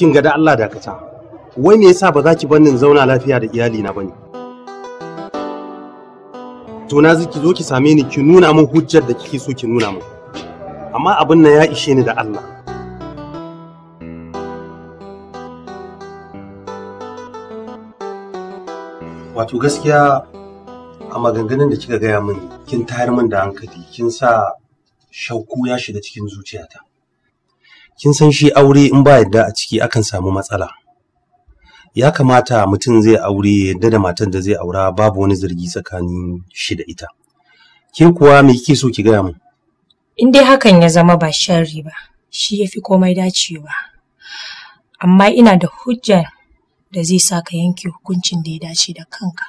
kin ga da Allah dakata wai me yasa ba za ki bannin zauna lafiya da iyali na bane to na ziki zo ki same ni ki nuna min hujjar da kike so ki nuna min amma abin nan ya ishe ni da Allah wato gaskiya a maganganun da kika gaya min kin tayar min da hankali kin sa shauku ya shiga cikin zuciyata kin san shi aure in ba yadda a ciki akan samu matsala ya kamata mutum zai aure yadda da matar da zai aura babu wani zargi tsakanin shi da ita ke kuwa me kike so ki gaya mu in dai hakan ya zama ba sharri ba shi yafi komai dacewa amma ina da hujja da zai sa ka yanke hukuncin da ya dace da kanka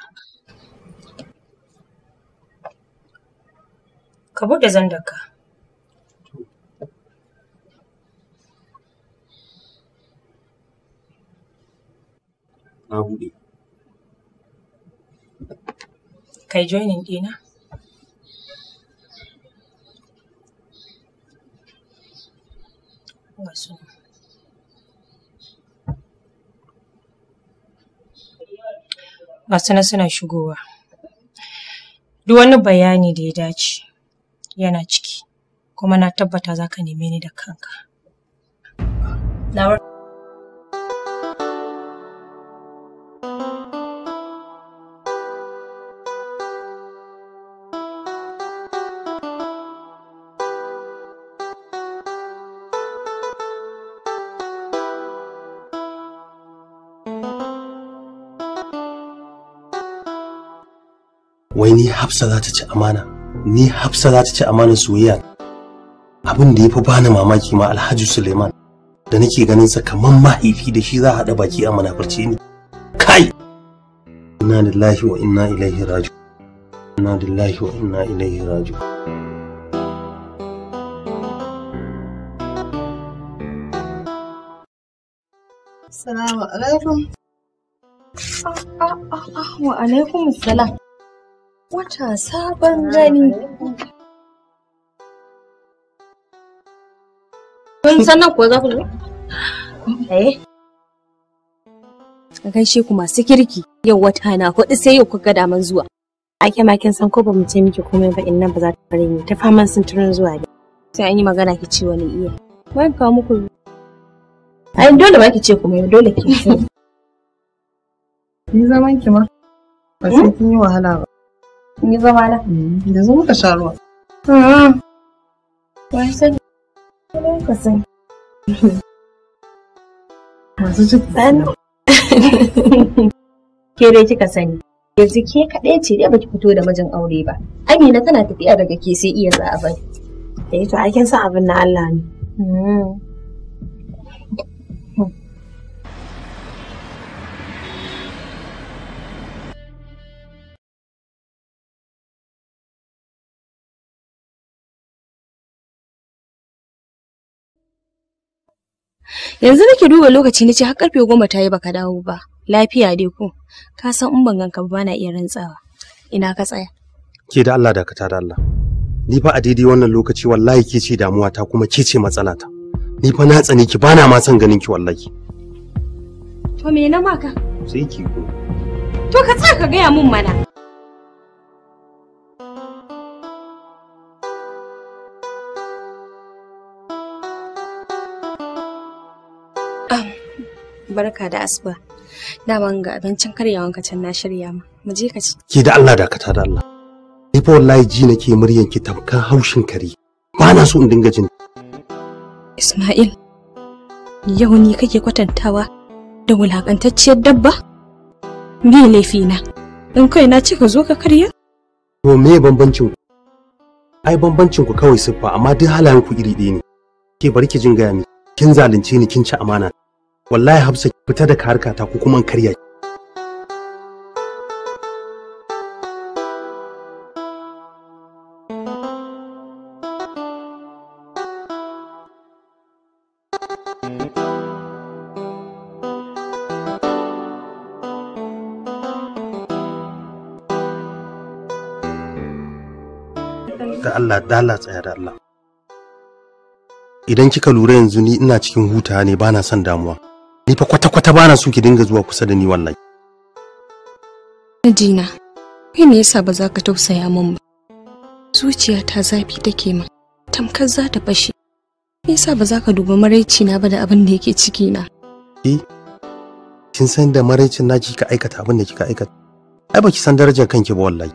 ka buɗe zandarka Na buɗe. Kai joinin ɗina? Wasu. Masu na suna shigowa. Duk wani bayani da ya dace yana ciki, kuma na tabbata za ka neme ni da kanka. na wai ni hafsa za ta ci amana ni hafsa za ta ci amanar soyayya abin da ya fi bani mamaki ma alhaji suleiman da nake ganin sa kamar mahaifi da shi za a haɗa baki a munafurci ne kai inna lillahi wa inna ilaihi raji'un inna lillahi wa inna ilaihi raji'un Assalamu alaikum. Ah, ah, ah, wa alaikum salam. Wata sabon gani. Kun san nan kuwa za ku zo? Eh. Ka gaishe ku masu kirki. Yau wata na kuɗi sai yau kuka da man zuwa. Ake ma kin san ko ba mu ce miki komai ba in nan ba za ta fara ni ta faman sintirin zuwa ne. Sai an yi magana ki ce wani iya. Wai ka muku. Ai dole ba ki ce komai ba dole ki ce. Ni zaman ki ma ba sai hmm? kin yi wahala ba. Ni sani. Sani. Ke dai kika sani. Yanzu ke kaɗai ce dai baki fito da mijin aure ba. Amina tana tafiya daga ke sai iya za a Da ita a kin san abin na Allah ne. Mm. yanzu nake duba lokaci na har karfe goma ta yi baka dawo ba lafiya dai ko ka san in ban ganka ba na iya rantsawa ina ka tsaya ke da Allah da ka da Allah ni fa a daidai wannan lokaci wallahi ke ce damuwa ta kuma ke ce matsala ta ni fa na tsane ki bana ma son ganin ki wallahi to me na maka sai ki ko to ka tsaya ka gaya mun mana Barka da asuba. Daman ga abincin karyawan ka can na shirya ma. Mu je ka ci. Ke da Allah da kata da Allah. Ni fa wallahi ji nake muryan ki tamkan haushin kare. Ba na so in dinga jin. Ismail, yau ni kake kwatantawa da wulakantacciyar dabba? Me na? In kai na ce ka zo ka karya? To me bambancin ku? Ai bambancin ku kawai siffa amma duk halayen ku iri ɗaya ne. Ke bari ki jin gaya ni. Kin zalunce ni kin ci amana. wallahi hafsa fita da ta ko kuma karya da Allah dala tsaya da Allah idan kika lura yanzu ni ina cikin hutawa ne bana son damuwa ni fa kwata-kwata bana so ki dinga zuwa kusa da ni wallahi Najina, kai ne yasa ba za ka tausaya min ba? Zuciyata zafi take min, tamkar za ta fashe. Me yasa ba za ka duba maraici na ba da abin da yake ciki na? Ki? Eh, kin san da maraicin na ka aikata abin da kika aikata? Ai ba ki san darajar kanki ba wallahi.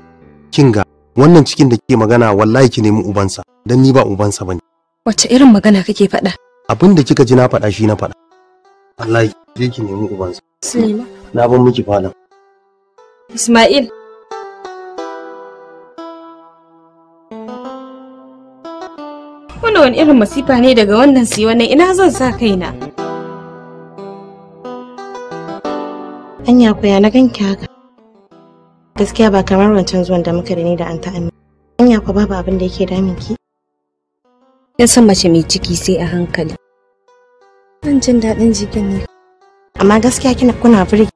Kin ga wannan cikin da kike magana wallahi ki nemi ubansa, dan ni ba ubansa bane. Wace irin magana kake faɗa? Abin da kika ji na faɗa shi na faɗa. Allah je ki nemi ubansa. Sulaiman. Na ban miki falon. Ismail. Wannan wani irin masifa ne daga wannan siyo wannan ina zan sa kaina. Anya ya na ganki haka. Gaskiya ba kamar wancan zuwan da muka da ni da an ta amin. Anya kwa babu abin da yake damin ki? Ya san mace mai ciki sai a hankali. Zan jin daɗin jikin ne. Amma gaskiya kina kuna birge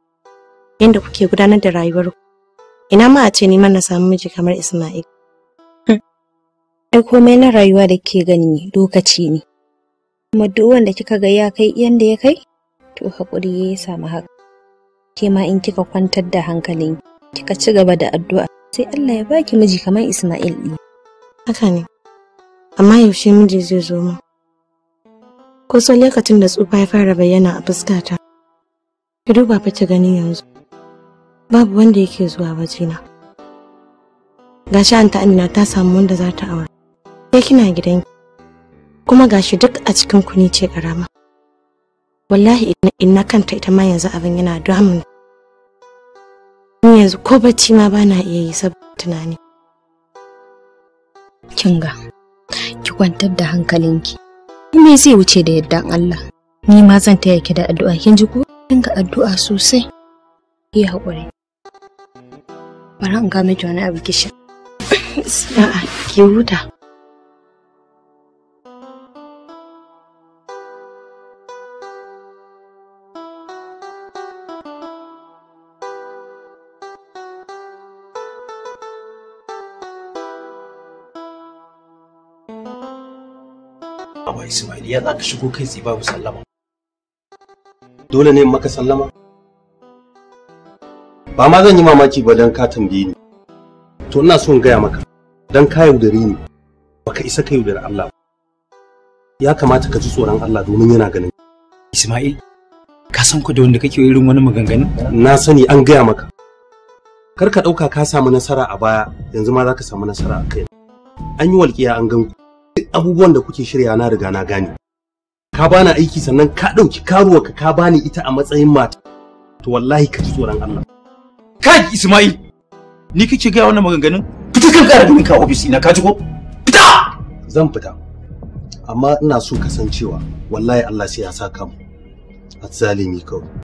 yadda kuke gudanar da rayuwar Ina ma a ce ni na samu miji kamar Ismail. Hm. Ai komai na rayuwa da ke gani lokaci ne. Kuma duk wanda kika ga ya kai yanda ya kai, to haƙuri ya samu haka. Ke ma in kika kwantar da hankalin, kika ci gaba da addu'a, sai Allah ya baki miji kamar Ismail ɗin. Haka ne. Amma yaushe miji zai zo mu? kusan lokacin da tsufa ya fara bayyana a fuskata ki duba fa gani yanzu babu wanda yake zuwa wajena gashi anta amina ta samu wanda za ta aure sai kina gidanki kuma gashi duk a cikin ku ni ce karama wallahi inna kanta ita ma yanzu abin yana damun ni yanzu ko bacci ma bana iya yi saboda tunani kinga ki kwantar da hankalinki me zai wuce da yaddan Allah ni ma zan taya ki da addu'a kin ji ko dinga addu'a sosai ki haƙuri Bara in ga miki wani abu ki a'a ki huta Haba Ismailiya za ka shigo kai tsaye babu sallama. Dole ne in maka sallama? Ba ma zan yi mamaki ba don ka tambaye ni. To ina son gaya maka, don ka yaudare ni, baka isa ka yaudare Allah ba. Ya kamata ka ji tsoron Allah domin yana ganin. Ismail, ka san ku da wanda kake irin wani maganganu? Na sani an gaya maka. Kar ka ɗauka ka samu nasara a baya, yanzu ma za ka samu nasara a kai. An yi walƙiya an gan ku. duk abubuwan da kuke shirya na riga na gane ka bani aiki sannan ka ɗauki karuwa ka bani ita a matsayin mata to wallahi ka ji tsoron Allah kai Ismail ni kike ga wannan maganganun fita kan ka da ka office ina ka ji ko fita zan fita amma ina so kasancewa wallahi Allah sai ya saka mu azzalimi kawai